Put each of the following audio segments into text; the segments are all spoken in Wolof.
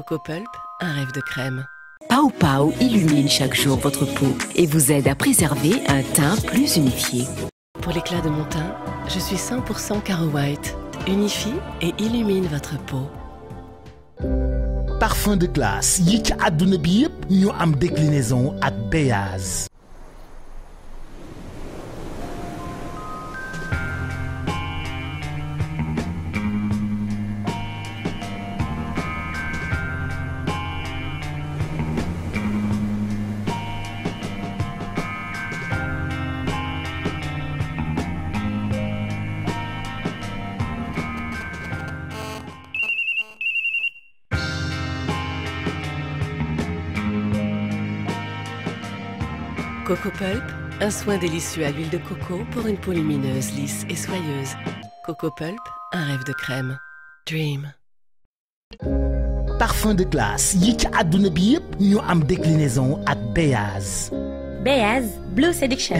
Coco Pulp, un rêve de crème. Pau Pau illumine chaque jour votre peau et vous aide à préserver un teint plus unifié. Pour l'éclat de mon teint, je suis 100% Caro White. Unifie et illumine votre peau. parfum de glace déclinaison Un soin délicieux à l'huile de coco pour une peau lumineuse, lisse et soyeuse. Coco Pulp, un rêve de crème. Dream. parfum de classe yik bi am déclinaison Béaz. Blue Seduction.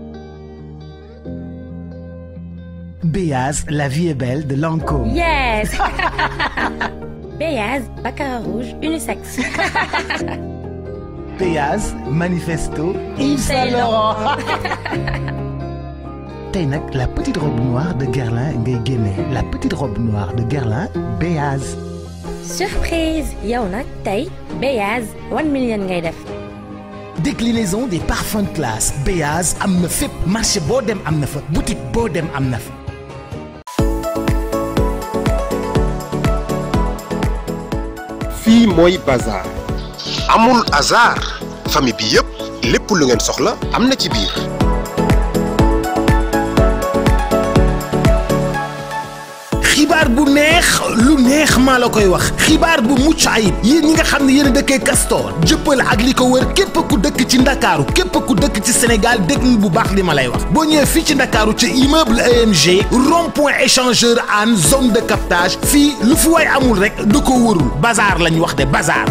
Béaz la vie est belle de Lancôme. yes Béaz baccarat rouge unisex. Béaz, Manifesto, Yves Saint Laurent. la petite robe noire de Gerlin ngay la petite robe noire de Gerlin Béaz. surprise yow nag Béaz one million ngay déclinaison des parfums de classe Béaz am marché Bodem dem boutique bodem dem Fille Moy bazar amul hasard famille bi yëpp lépp lu ngeen soxla am na ci biir. xibaar bu neex lu neex maa la koy wax xibaar bu mucc ayib yéen ñi nga xam ne yéen a dëkkee Castor jëppal ak li ko wër képp ku dëkk ci ndakaaru képp ku dëkk ci Sénégal dégg bu baax li ma lay wax boo ñëwee fii ci ndakaaru ci immeuble EMG rond point échangeur an zone de captage fii lu fi way amul rek du ko wërul bazar lañ wax de bazar.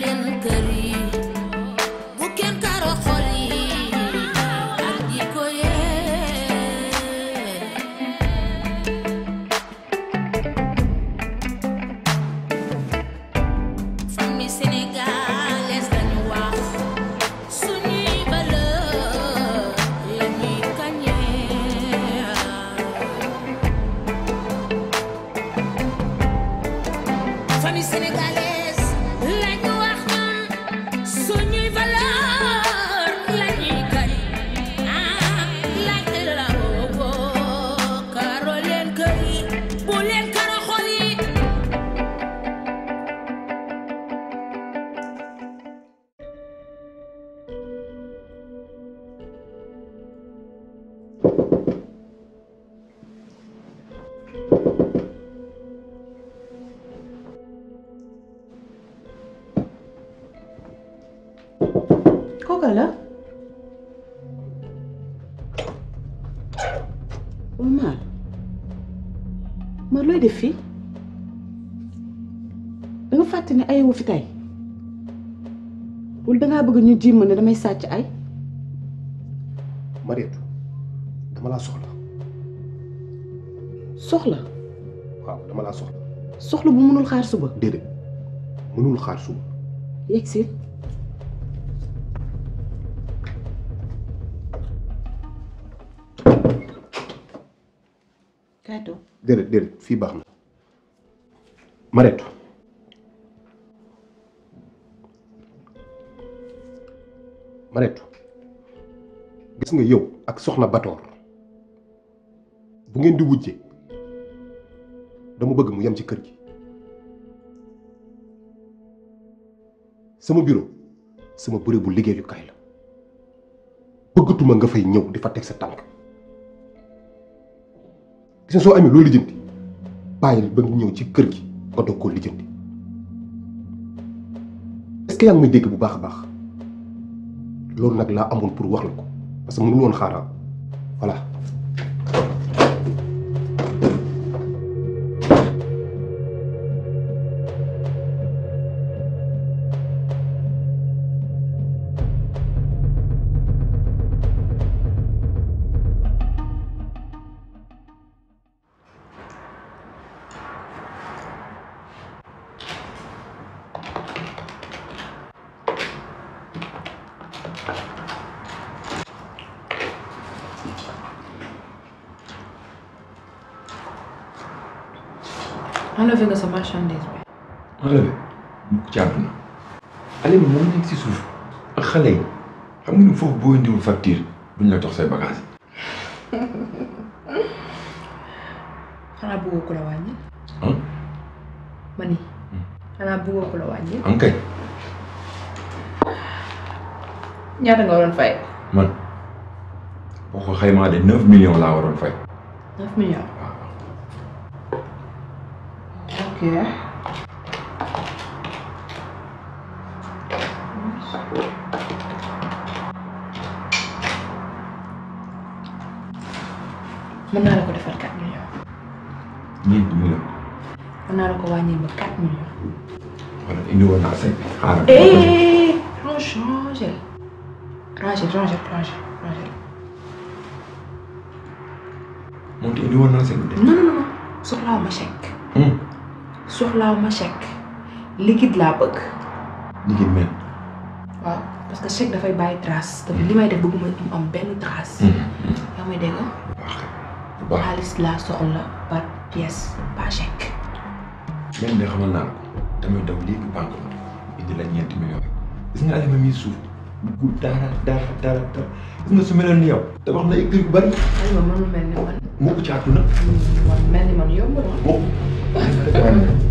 كل مكان ko kala maar maar looy def fii danga fàtte ne ayewu fi tey wala dangaa bëgg ñu jiima ne damay sàcc ay Mariétu dama laa soxla soxla waaw dama laa soxla soxla bu mënul xaar suba déedéet mënul xaar suba yegg Dere dere, fi baxna maret maret gis nga yow ak soxna bator bu ngeen di wujje dama bëgg mu yam ci kër gi sama bureau sama liggéeyu kay la bëggatuma nga fay ñew di fa tek sa tank gis soo amee loo lijjanti bàyyil ba nga ñëw ci kër gi nga doog koo lijjanti est-ce que dégg bu baax a baax loolu nag laa amoon pour wax la ko parce que woon xaaraa voilà. wala fi nga sa marchandise bi. enlevé mu ko ci àdduna. ale bi moom nekk si suuf ak xale yi xam nga ni foofu boo indiwul facture duñ la jox say bagage xanaa bëggoo ko la wàññi. ah. ma ni. xanaa bëggoo ko la wàññi. an kay. ñaata nga waroon fay. man boo ko xaymaa de neuf millions laa waroon fay. neuf millions. ya menaruh ke dekatnya ya gitu ya menaruh ke wanya bekatnya orang ini wana asik eh rosy rosy rosy rosy rosy rosy Mungkin ini wana asik no no no no sekolah masih soxlaaw ma chèque liquide laa bëgg. liquide mel. waaw parce que chèque dafay bàyyi trace te li may def bëgguma mu am benn trace. Mm-hmm. yaa may dégg. waaw xaalis laa soxla par pièce par chèque. lenn de xamal ko damay daw léegi banque ba indi nga alima mi suuf bu dara dara dara dara gis nga su meloon ni yow te wax na ay kër yu bari. alima man mu mel ni man. moo ko caatu na. man mel ni man mm, yomb na.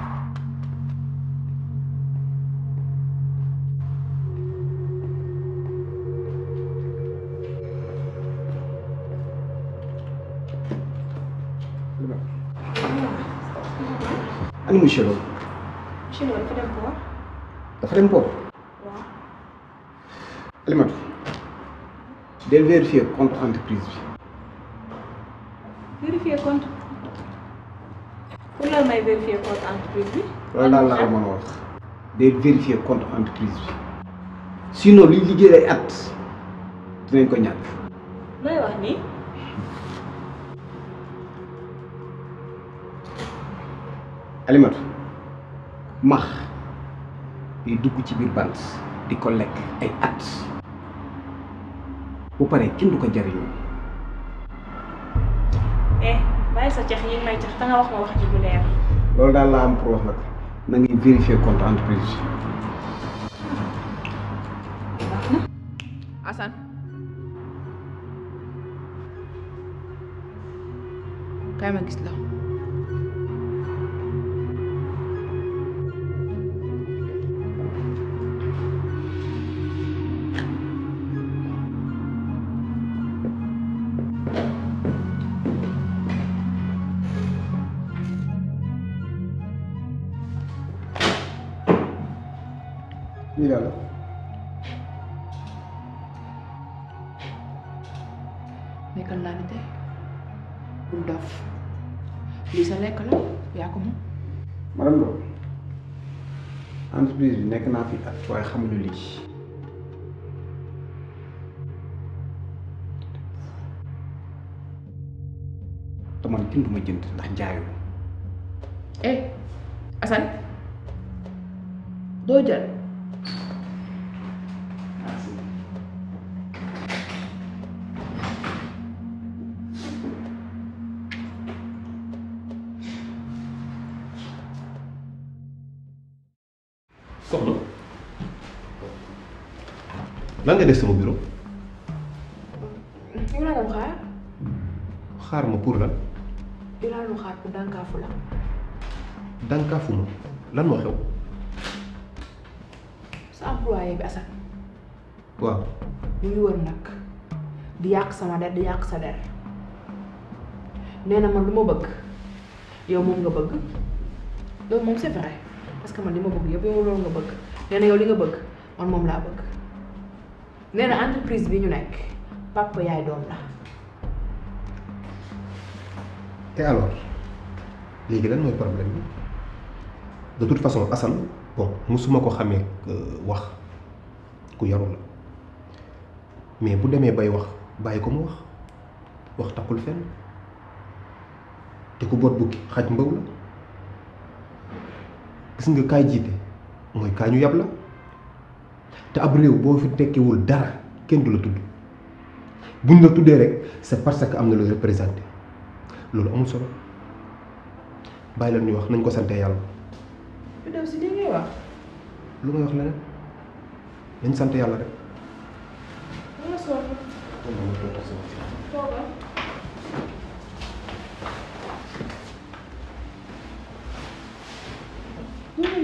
ana monsieur Lo. monsieur Lo dafa dem port. dafa dem port. waaw. Alimatou. del vérifier compte entreprise bi. vérifier compte. pour lan wax. day vérifier compte entreprise bi. sinon liy liggéey at dinañ ko ñàkk. looy wax nii. alimatu max day dugg ci biir bant di ko lekk ay at bu paree kenn du ko jariñoo eh bàyyi sa cax yi may cax te nga wax ma wax ji loolu daal laa am pour wax nag na ngay vérifier compte entreprise Assane kaay ma gis la Míralo. nekkal naa ni tey bul daf lii sa lekk la yaa ko moom. madame Lo entreprise bi nekk naa fi at waaye xamuñu lii te man kenn jënd ndax njaayu eh Assane doo jël. soxla lan nga def sama bureau. yow laa doon xaar. xaar ma pour lan. yow laa doon xaar pour dànkaafu la. dànkaafu lan moo xew. sa employé bi Assane. waaw. mu wër nag di yàq sama der di yàq sa der nee man lu ma bëgg yow moom nga bëgg loolu moom c'est vrai. parce que man li ma bëgg yëpp yow nga bëgg nee na yow li nga bëgg man moom laa bëgg nee na entreprise bi ñu nekk papa yaay doom la. et alors léegi lan mooy problème bi de toute façon asal bon musuma ko xamee wax ku yaru la mais bu demee bay wax bàyyi ko mu wax wax takul fenn te ku bot bukki xaj mbaw la. gis nga kaay jiite mooy kaay ñu la te ab réew boo fi tekkewul dara kenn du la tudd buñ la tuddee rek c'est parce que am na looy représenté loolu amul solo bàyyi la ñuy wax nañ ko sante yàlla. lu dem wax. lu may wax leneen nañ sant yàlla rek.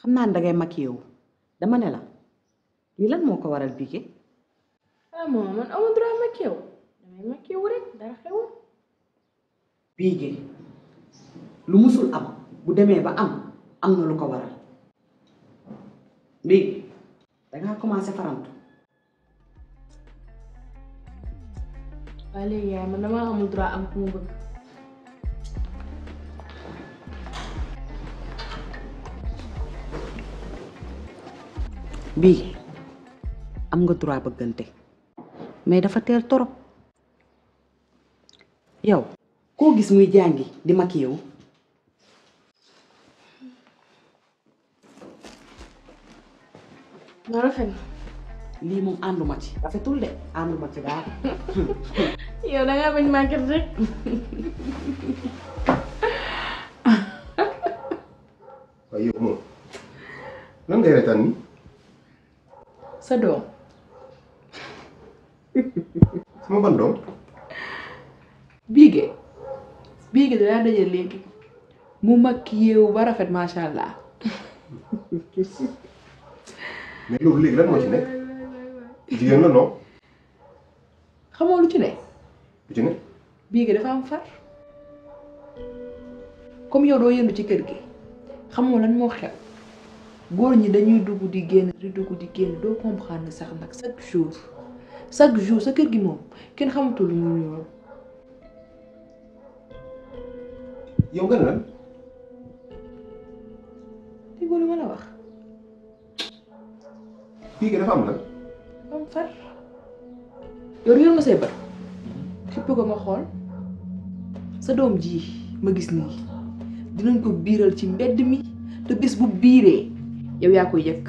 xamna naa ne dangay maquillé dama ne la li lan moko waral Bigué. ah maman man amu droit maquillé wu damay maquillé yow rek dara xewul. Bigué lu musul am bu démé ba am amna lu ko waral da nga commencé farantu. waaye léegi yaay man damaa amul droit am ku mu bëgg. bi am nga droit bëggante mais dafa teel torop yow ko gis muy jangi di mag yow nga rafet na lii moom ànduma ci rafetul de ànduma ci da yow da nga bañ màgget rek ayo mo moom lan ngay retaan ni sa doom. sama ban doom. biige biige danaa daje léegi mu mag yeewu ba rafet macha allah. mais loolu léegi lan moo ci nekk jigéen la non. xamoo lu ci ne. lu ci ne. biige dafa am far. comme yow doo yëndu ci kër gi xamoo lan moo xew. góor ñi dañuy dugg di génn di dugg di génn doo comprendre sax nag chaque jour chaque jours sa kër gi moom kenn xamatul lu mu ñëw. yow gën lan. dégg lu ma la wax. kii gi dafa am lan. am far. yow yor nga say bët. ko ma xool. sa doom ji ma gis nii dinañ ko biiral ci mbedd mi te gis bu biiree. yow yaa koy yëkk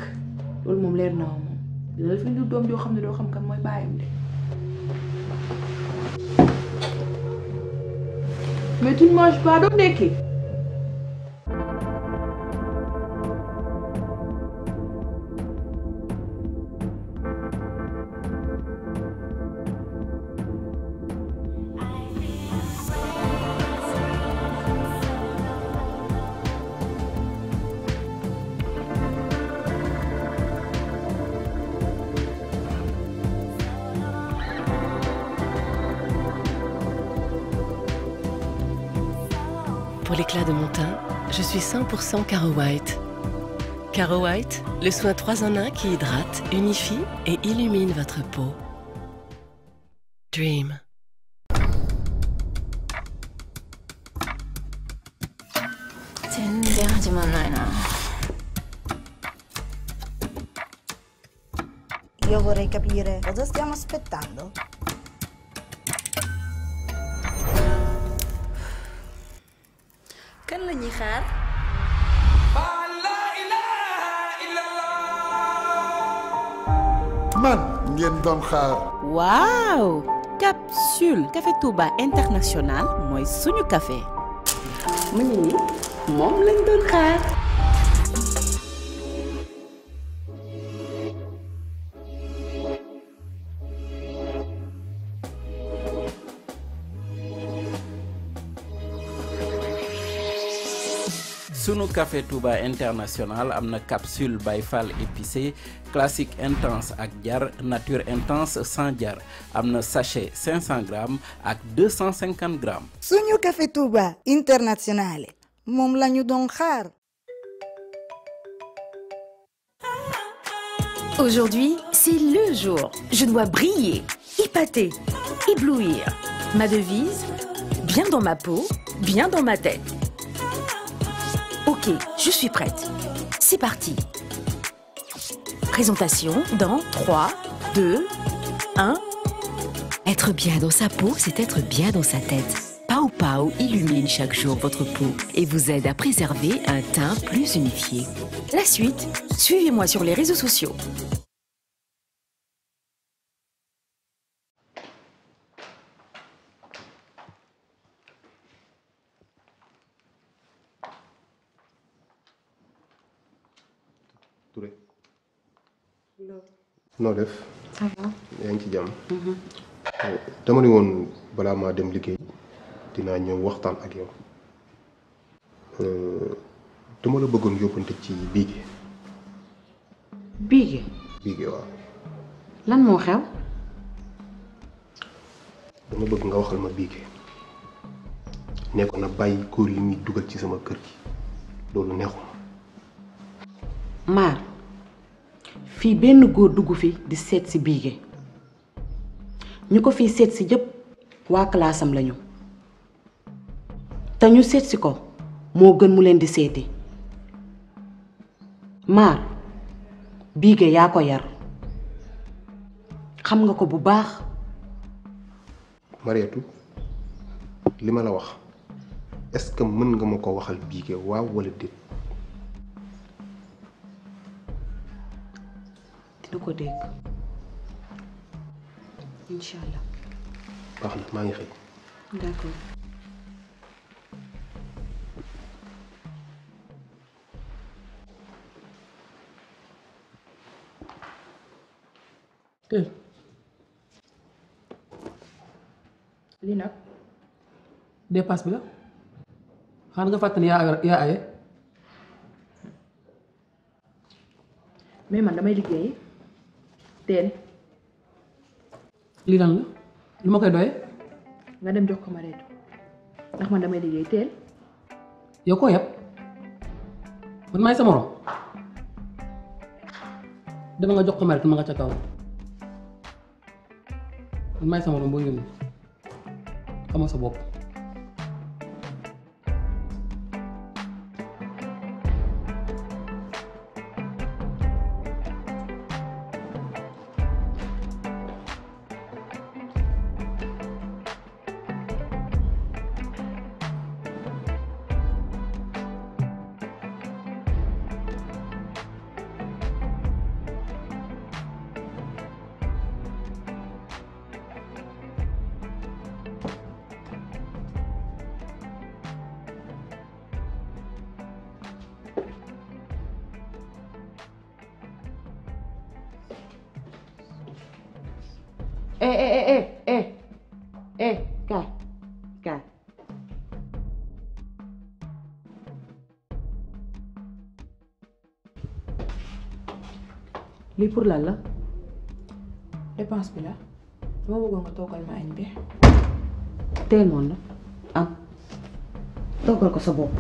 loolu moom leer na ma moom dina la doom joo xam ne doo xam kan mooy baayam de mais tu ne manges pas doo ndekki 100% Caro White. le soin 3 en 1 qui hydrate, unifie et illumine votre peau. Dream. Io vorrei capire cosa stiamo aspettando. kan la ñuy xaar man ngeen doon xaar. waaw capsule. café Touba international mooy suñu café. mu ni moom lañ doon xaar. sunu café Touba international amna capsule by épicé classique intense ak jar nature intense sans jar amna sachet 500 grammes à 250 grammes. sunu café Touba international mon lañu don Aujourd'hui, c'est le jour. Je dois briller, épater, éblouir. Ma devise Bien dans ma peau, bien dans ma tête je suis prête. C'est parti. Présentation dans 3, 2, 1. Être bien dans sa peau, c'est être bien dans sa tête. Pau Pau illumine chaque jour votre peau et vous aide à préserver un teint plus unifié. La suite, suivez-moi sur les réseaux sociaux. noo def. yaa ngi ci jàmm. Mhm. dama ne woon balaa maa dem liggéey dinaa ñëw waxtaan ak yow euh, dama la bëggoon yóbbante ci biige. biige. biige waaw. lan moo xew. dama bëgg nga waxal ma biige nekkoon na bàyyi góor yi muy dugal ci sama kër gi loolu neexuma maar. fii benn góor dugg fi di seet si biige ñu ko fii seet si yëpp waa classam lañu te ñu seet si ko moo gën mu leen di seeti maar biige yaa ko yar xam nga ko bu baax Marietu li ma la wax est que mën nga ma ko waxal biige waaw walla déet te du ko dégg eh. lii nag. dépasse bi la. xanaa nga fàttali yaa yaa aye. mais man damay liggéey. teen lii lan la lu ma koy doy nga dem jox ko ma reetu ndax man damay liggéey teen yow koo yab man maay sa morom dama nga jox ko ma reetu ma nga ca kaw man maay sa morom boo yónni xamoo sa bopp lii pour lan la. dépense bi la dama bëggoon nga toggal ma añ bi. teel moon la ah, toggal ko sa bopp.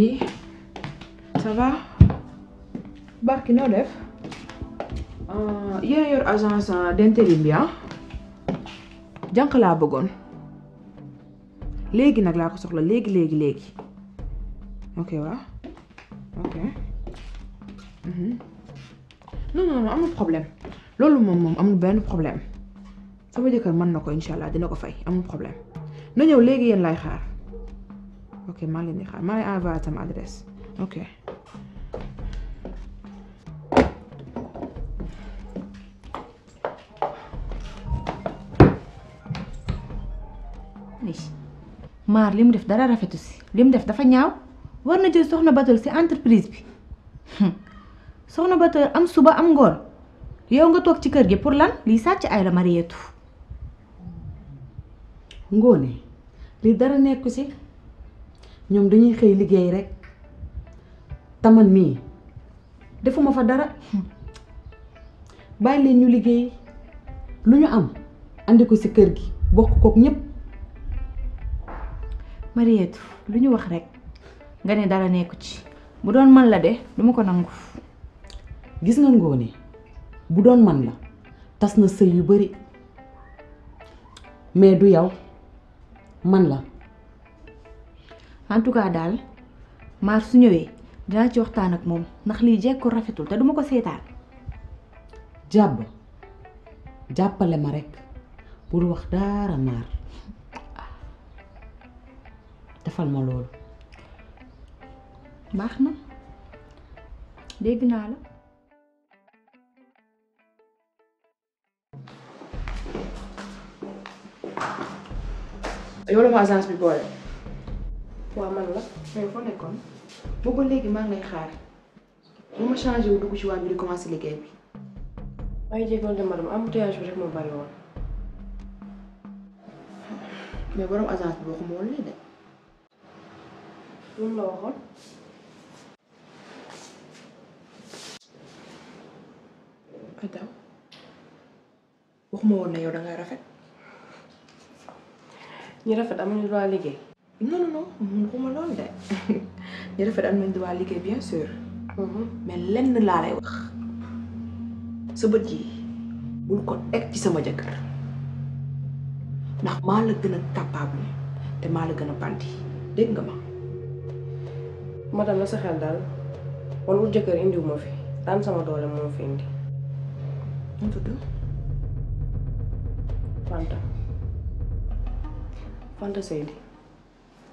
oui ça va barki no def euh, yéen yor agence d'intérim bien ah? Jank la bëggoon Légui nak la ko soxla légui légui légui. ok wa ok mhm. non non non amul problème Lolu mom mom amul ben problème sama jëkkër man na inshallah dina ko fay amul problème na ñew légui yeen lay xaar. ok maa leen di xaar maa leen envoyé sama adresse ok maar li mu def dara rafetu si li mu def dafa ñaaw war na jël soxna batal si entreprise bi soxna batal am suba am ngoon yow nga toog ci kër gi pour lan lii sàcc ay la mariyeetu ngoone li dara nekku si ñoom dañuy xëy liggéey rek taman mii defuma fa dara bàyyi leen ñu liggéey lu ñu am andi ko ci kër gi bokk kook ñépp Mariette lu ñu wax rekk nga ne dara nekku ci bu doon man la de du ma ko nangu gis nga ngoone bu doon man la tas na sëy yu bari mais du yow man la en tout cas daal maar su ñëwee dinaa ci waxtaan ak moom ndax lii jekk ko rafetul te duma ko seetaan jàbb jàppale ma rekk bul wax daara maar defal ma loolu baax na dégg naa la waaw man la mais foo nekkoon booba léegi maa ngi lay xaar bu ma changé wu dugg ci waañ bi di commencé liggéey bi. maa ngi jégalu de madame embouteillage bi rek moo bari woon. mais borom agence bi waxuma woon lii de. loolu la waxoon. Adam waxuma na yow da nga rafet. ñi rafet amuñu liggéey. non non non mun ko ma loolu de ñu rafet am nañ droit liggéey bien sûr mhm. mais lenn laa lay wax sa bët yi bul ko teg ci sama jëkkër ndax maa la gën a capable te maa la gën a bandi dégg nga ma madame la sa xel daal man wut jëkkër indiwu ma fi daan sama doole moom fi indi mu tudd Fanta Fanta Seydi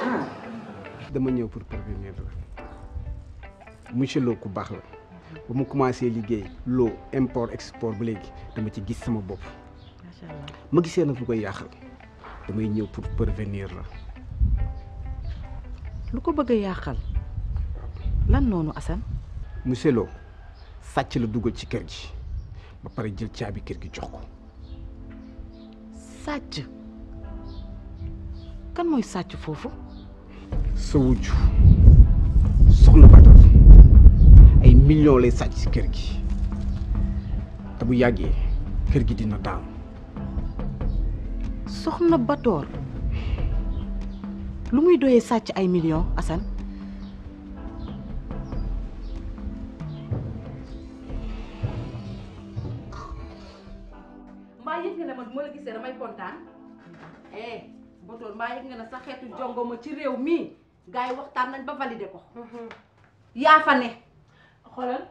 Ah. dama ñëw pour prévenir la monsieur ku baax la ba mu commencé liggéey loo import export ba léegi dama ci gis sama bopp. macha allah ma gisee nag lu koy yàqal damay ñëw pour prévenir la. lu ko bëgg a yàqal lan noonu Assane. monsieur Lo sàcc la dugal ci kër gi ba pare jël caabi kër gi jox ko. kan mooy sàcc foofu sa wujju soxna Bator ay millions lay sàcc ci kër gi te bu yàggee kër gi dina daal soxna Bator lu muy doyee sàcc ay millions Assane maa botoon maa yëg nga ne sa xeetu jongoma ci réew mii gaa yi waxtaan nañ ba validé ko mhm. yaa fa ne xoolal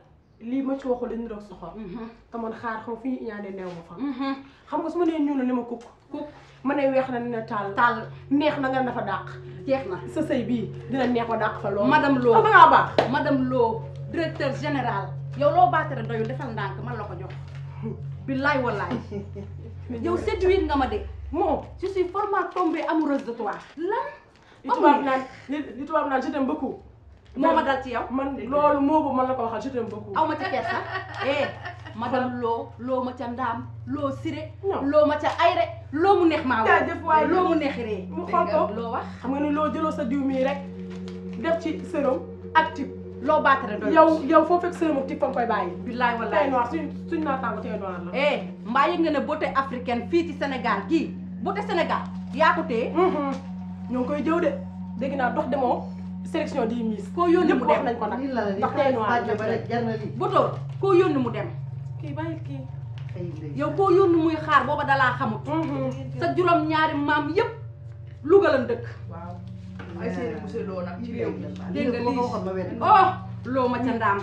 lii ma ci waxul dañu doon soxor mhm. te xaar xam fi ñu ñaanee neew ma fa mhm. xam nga su ma nee ñuul ni ma kukk kukk ma ne weex na dina tàll tàll neex na nga dafa dàq jeex na sa sëy bii dina neex ma dàq fa loolu madame Lo ba ngaa baax madame Lo général yow loo baatere doyul defal ndànk man la ko jox billaay wallaay yow séduire nga ma de Moi, je suis vraiment tombée amoureuse de toi. lan. li tubaab naan li tubaab naan je t'aime beaucoup. moo ma dal ci moo ko man a ko waxal je t'aime beaucoup. aw ma ca kersa eh madame loo loo ma ca ndaam loo sire. loo ma ca ayre loo mu neex maa woo. loo mu neex ree mu xool ko loo wax. xam nga ni loo jëloo sa diw mii rek def loo baatare doy yow yow foo fekk sërëm ak ci fa nga koy bàyyi. billaay wallaay tey noir suñ suñ naataango tey noir la. eh mbaa yëg nga ne beauté africaine fii ci Sénégal gii beauté Sénégal yaa ko téye. Mm-hmm. ñoo ngi koy jëw de dégg naa dox demoo sélection di miss. koo yónni mu dem nañ ko nag ndax tey noir la koo yónni mu dem. kii bàyyi kii. yow koo yónni muy xaar booba dalaa xamut. Mm-hmm. sa juróom ñaari maam yëpp Louga lan dëkk. ay seen monsieur Lo nag ci réew mi dégg nga lii oh loo ma ca ndaam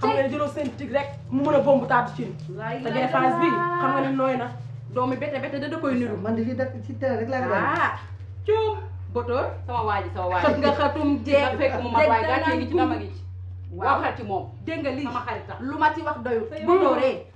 xam nga jëloo seen tig rek mu mën a bomb taatu cin te dépense bi xam nga ni nooy na doomi bete bete da da koy niru man di def ci télé rek laa ah cuub botoor sama waaji sama waaji xët nga xatum jeeg fekk mu ma waay gàccee gi ci dama gi ci waaw xar ci moom dégg nga lii sama xarit lu ma ci wax doyul botooree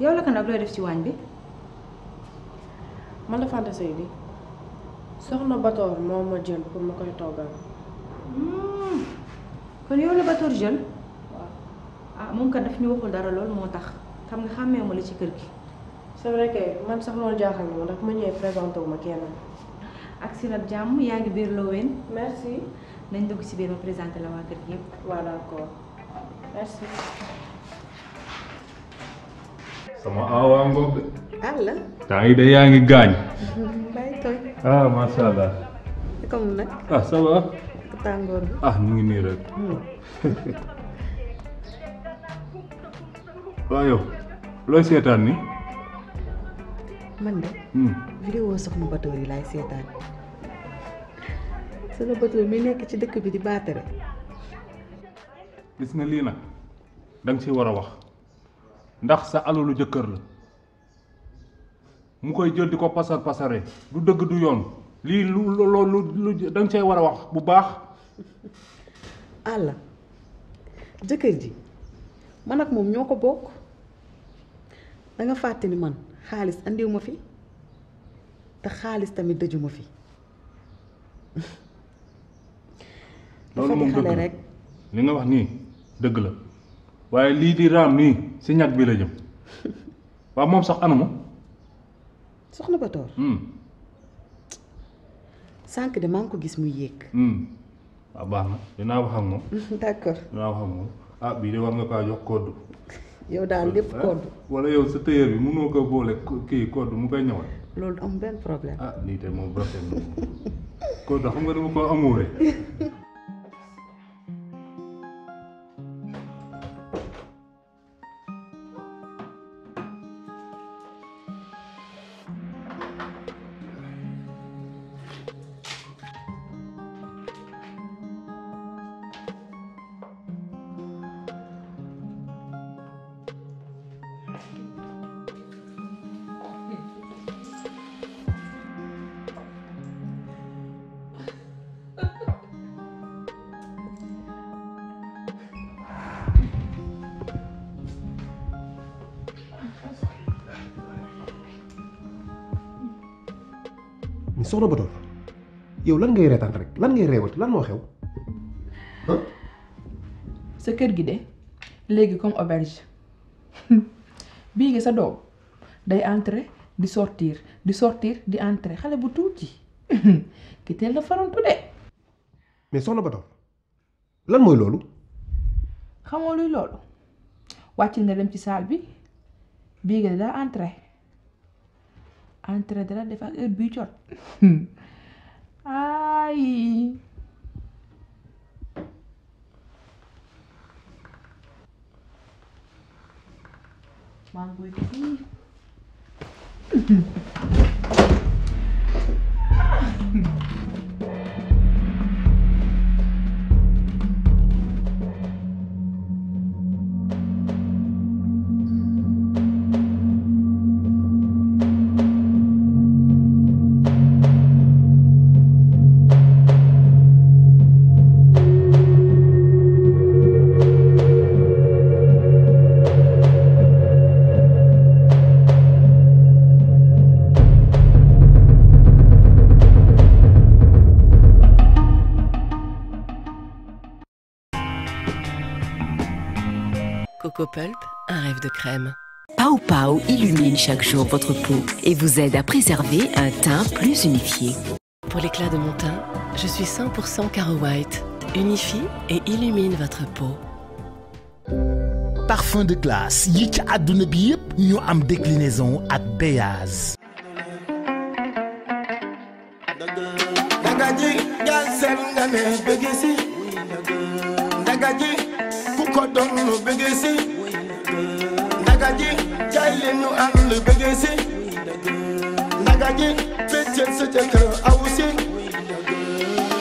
yow la kan ak looy def ci waañ bi. man la Fanta bi soxna Batoor moo ma jël pour ma koy toggal. Hmm. kon yow la Batoor jël. waaw ah moom kat daf ñu waxul dara loolu moo tax xam nga xàmmee ma la ci kër gi. c'est vrai man sax loolu jaaxal na ma ndax ma ñëwee présenté wu ma kenn. ak si nag jàmm yaa ngi biir Lowen. merci. nañ dugg ci biir ma présenté la waa kër gi yëpp. waaw d'accord merci. sama awam bob Allah tangi da yangi gañ bay toy ah masalah. Kamu nak ah ça va tangor ah hmm. ni ngi nii rek waaw lo setan ni man de vidéo soxna batori lay setan seetaan soxna mi nek ci dekk bi di batere gis na li nak dang ci wara wax ndax sa alolu jëkkër la mu koy jël di passer pasar du deug du yoon li lu lu lu dang cey wara wax bu baax ala jëkkër ji man ak mom ñoko bok da nga ni man xaalis andiw ma fi ta xaalis tamit dëju ma fi loolu moom dëgg rek li nga wax ni deug la waaye lii di raam nii si ñag bi la jëm waaw moom sax anamu. soxna Batoor. Hmm. sànq de maa ngi ko gis mu yéeg. Hmm. waaw baax na dinaa wax ak moom. d'accord dinaa wax ak moom ah bii de war nga kaa jox code. yow daal lépp code. Eh? wala yow sa tailleur bi mënoo ko boole kii code mu koy ñëwal. loolu am benn problème. ah lii de moom problème la code xam nga dama ko amuuree. soxna Bator yow lan ngay reetaan rek lan ngay reewati lan moo xew sa kër gi de léegi comme auberge bii gi sa doom day entrer di sortiir di sortir di entrer xale bu tuuti ki teel la farantu de mais soxna Bator lan mooy loolu xamoo luy loolu wàcc nga dem ci saal bi bii gi daa entrer entrerá de faz el bicho. Ay. Mango aqui. un rêve de crème. Pau Pau illumine chaque jour votre peau et vous aide à préserver un teint plus unifié. Pour l'éclat de mon teint, je suis 100% Caro White. Unifie et illumine votre peau. parfum de glace. déclinaison à Beyaz. nagaji jaay leen nu ànd bëggee si nagaji bëccëg sa Awusi awu si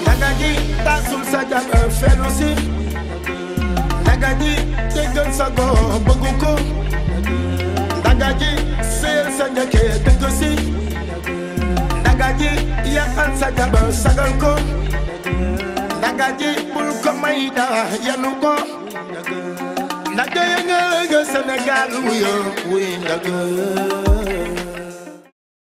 nagaji taasul sa jabar felu si nagaji déggal sa goo bëggu ko nagaji seer sa njëkkee dëgg si nagaji yàqal sa jabar nagaji bul ya ko nagaji Sénégal, Sénégal, oui, oui, la gueule.